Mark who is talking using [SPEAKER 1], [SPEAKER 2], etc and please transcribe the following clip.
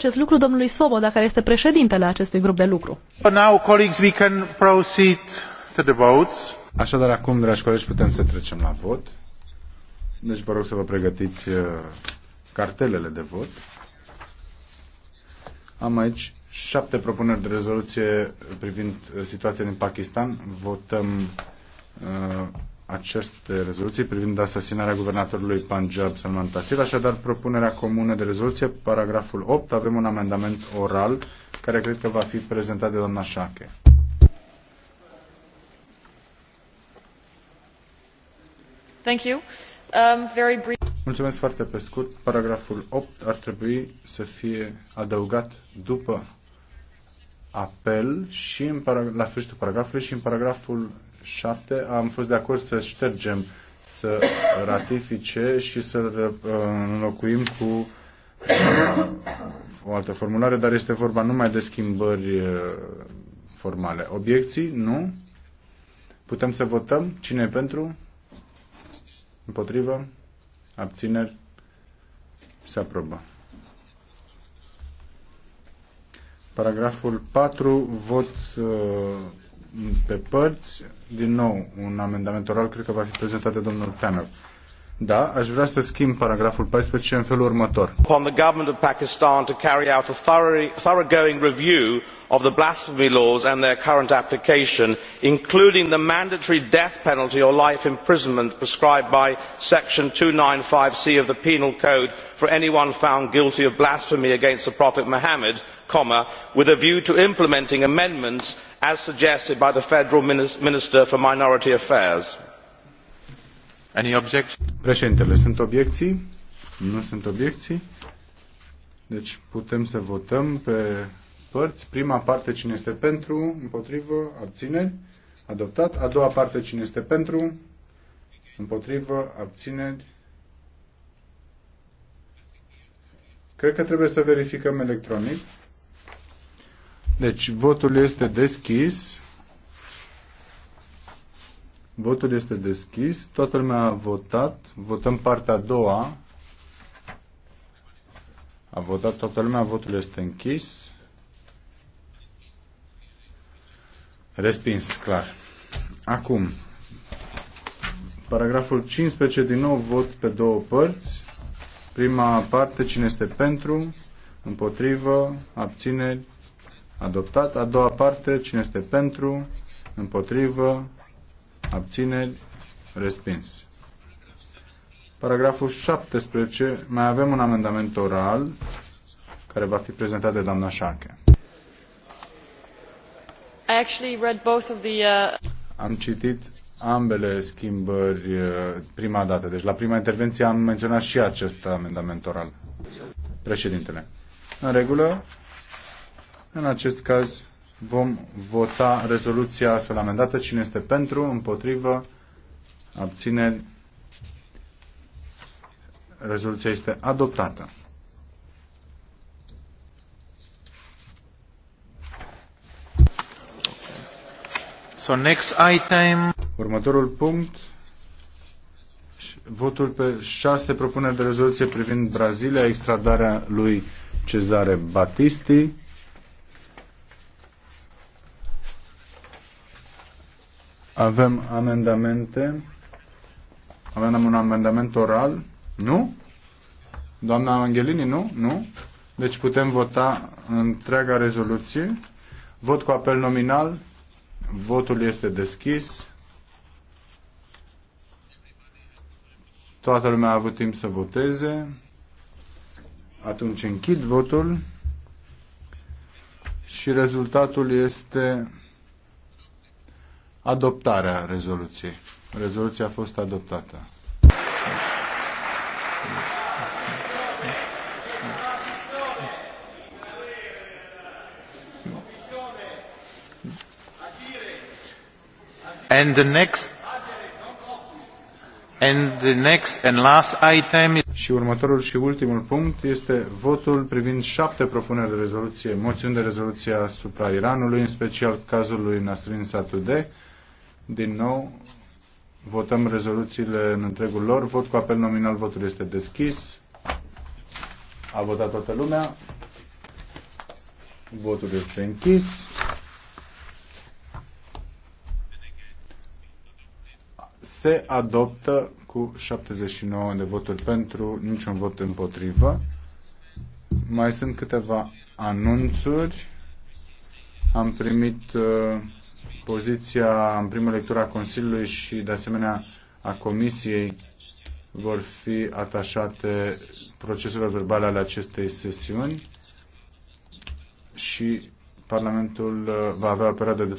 [SPEAKER 1] acest lucru domnului Svoboda, care este președintele acestui grup de lucru. Now, colleagues, we can proceed to the votes. Așadar, acum, dragi colegi, putem să trecem la vot. Deci vă rog să vă pregătiți uh, cartelele de vot. Am aici șapte propuneri de rezoluție privind uh, situația din Pakistan. Votăm uh, aceste rezoluții privind asasinarea guvernatorului Punjab Salman Taseer. Așadar, propunerea comună de rezoluție, paragraful 8, avem un amendament oral care cred că va fi prezentat de doamna Șache. Thank you. Um, very brief. Mulțumesc foarte pe scurt. Paragraful 8 ar trebui să fie adăugat după apel și în parag- la sfârșitul paragrafului și în paragraful 7 am fost de acord să ștergem, să ratifice și să uh, înlocuim cu uh, o altă formulare, dar este vorba numai de schimbări uh, formale. Obiecții? Nu? Putem să votăm? Cine e pentru? Împotrivă? Abțineri? Se aprobă. Paragraful 4, vot uh, pe părți. Din nou, un amendament oral cred că va fi prezentat de domnul Tanner. Da, aș vrea să schimb paragraful 14 în felul următor. Upon the government of Pakistan to carry out a thoroughgoing review of the blasphemy laws and their current application, including the mandatory death penalty or life imprisonment prescribed by section 295C of the Penal Code for anyone found guilty of blasphemy against the Prophet Muhammad, comma, with a view to implementing amendments as suggested by the Federal Minister for Minority Affairs. Any objections? Președintele, sunt obiecții? Nu sunt obiecții? Deci putem să votăm pe părți. Prima parte cine este pentru, împotrivă, abțineri, adoptat. A doua parte cine este pentru, împotrivă, abțineri. Cred că trebuie să verificăm electronic. Deci votul este deschis. Votul este deschis. Toată lumea a votat. Votăm partea a doua. A votat toată lumea. Votul este închis. Respins, clar. Acum, paragraful 15, din nou vot pe două părți. Prima parte, cine este pentru, împotrivă, abțineri, adoptat. A doua parte, cine este pentru, împotrivă, abțineri, respins. Paragraful 17, mai avem un amendament oral care va fi prezentat de doamna Șarche. Uh, am citit ambele schimbări uh, prima dată. Deci la prima intervenție am menționat și acest amendament oral. Președintele. În regulă, în acest caz, vom vota rezoluția astfel amendată. Cine este pentru, împotrivă, abține. Rezoluția este adoptată. So next item. Următorul punct. Votul pe șase propuneri de rezoluție privind Brazilia, extradarea lui Cezare Batisti. Avem amendamente. Avem un amendament oral. Nu? Doamna Angelini, nu? Nu? Deci putem vota întreaga rezoluție. Vot cu apel nominal. Votul este deschis. Toată lumea a avut timp să voteze. Atunci închid votul și rezultatul este adoptarea rezoluției. Rezoluția a fost adoptată. And the next And the next and last item is... Și următorul și ultimul punct este votul privind șapte propuneri de rezoluție, moțiuni de rezoluție asupra Iranului, în special cazul lui Nasrin Satudeh, din nou, votăm rezoluțiile în întregul lor. Vot cu apel nominal, votul este deschis. A votat toată lumea. Votul este închis. Se adoptă cu 79 de voturi pentru, niciun vot împotrivă. Mai sunt câteva anunțuri. Am primit uh, poziția în primă lectură a Consiliului și de asemenea a Comisiei vor fi atașate proceselor verbale ale acestei sesiuni și Parlamentul uh, va avea o perioadă de